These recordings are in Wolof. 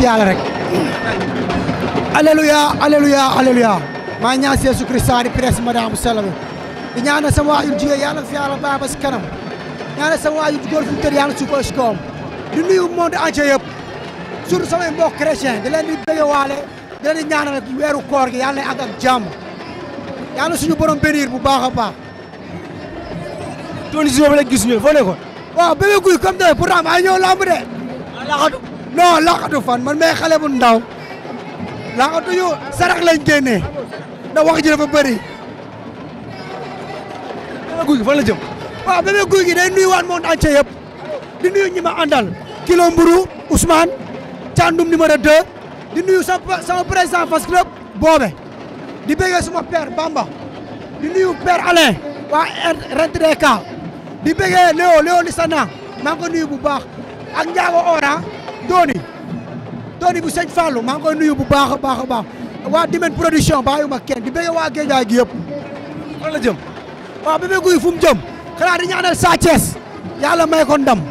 sant yàlla rek alléluia alléluia alléluia maa ngi ñaan Yeesu Christa di presse madame Salalu di ñaanal sama waajur jigéen yàlla fi yàlla baax ba si kanam ñaanal sama waajur góor fu tëdd yàlla suuf si kawam di nuyu monde entier yëpp surtout samay mbokk chrétien di leen di bëgg waale di leen di ñaanal weeru koor gi yàlla na àgg ak jàmm yàlla suñu borom bénir bu baax a baax. Tony Joob la gis ñu foo ne ko. waaw bébé guy comme tey pourtant maa ngi ñëw lamb de. non laqatu fan man may xale bu ndaw laqatu yu sarax lañ génnee ndax wax ji dafa bëri. guy gi fan la jëm. waaw bébé guy gi day nuyuwaat monde entier yëpp di nuyu ñi ma kilo mburu Ousmane Thiandoum numéro 2 di nuyu sama sama président boobe di bëggee suma père Bamba di nuyu père Alain waa RTDK di bëggee Léo Léo Lissana maa ngi nuyu bu baax ak Ndiago Ora. dooni dooni bu sëñ Fallou maa ngi koy nuyu bu baax a baax a baax waa Dimène production bàyyiwuma kenn di bëgg waa Géejawaay gi yëpp fan la jëm waaw jëm xanaa di ñaanal Sa Thiès yàlla may ko ndam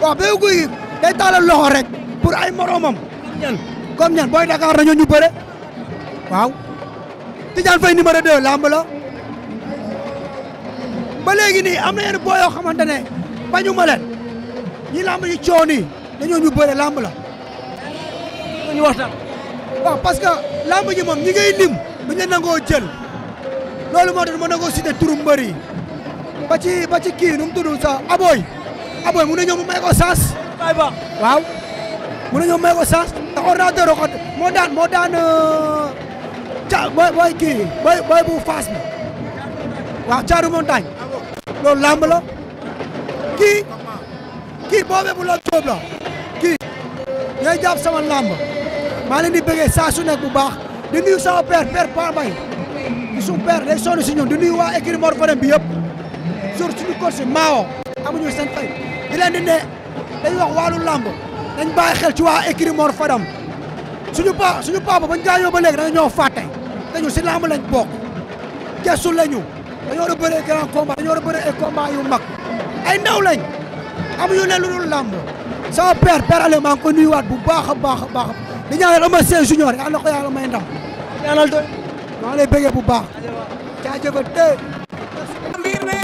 waaw Bébé Gouye day taalal loxo rek pour ay moromam comme ñan booy Dakar nañu ñu bëre waaw Tidiane Faye numéro 2 lamb la ba léegi nii am na yenn boo yoo xamante ne bañu ma ñi lamb yi coon yi dañoo ñu lamb la. ñu waxtaan. waaw parce que lamb ji moom ñi ngay lim duñ la nangoo jël loolu moo tax ma nangoo cité turu mbër yi ba nu mu tudd sa abooy abooy mun na ñëw may ko sens. waaw mun na ñëw may ko sens. ndax ordinateur ko moo daan moo daan euh, ca booy kii bu faas bi waaw caaru montagne loolu lamb la kii. kii boobe bu la jóob la kii ñooy jàpp sama làmb maa leen di bëggee saa su nekk bu baax di nuyu sama père père Pa Mbaye di suñu père day sonn si ñun di nuyu waa écurie Mor Fadam bi yëpp jour suñu course maawo amuñu seen di leen di ne dañ wax wàllu làmb dañ bàyyi xel ci waa écurie Mor Fadam suñu pa suñu papa bañ gaañoo ba léegi dañu ñoo fàtte te ñu si làmb lañ bokk gestu lañu dañoo war a bëree grand a bëree ay yu mag ay ndaw lañ amuñu ne lu dul làmb sama a père ale maa ngi ko nuyuwaat bu baax a baax a baax di ñaanal Eumeu Sène junior yàlla na ko yàlla may ndam ñaanal doy maa ngi lay bëggee bu baax jaajëfal tey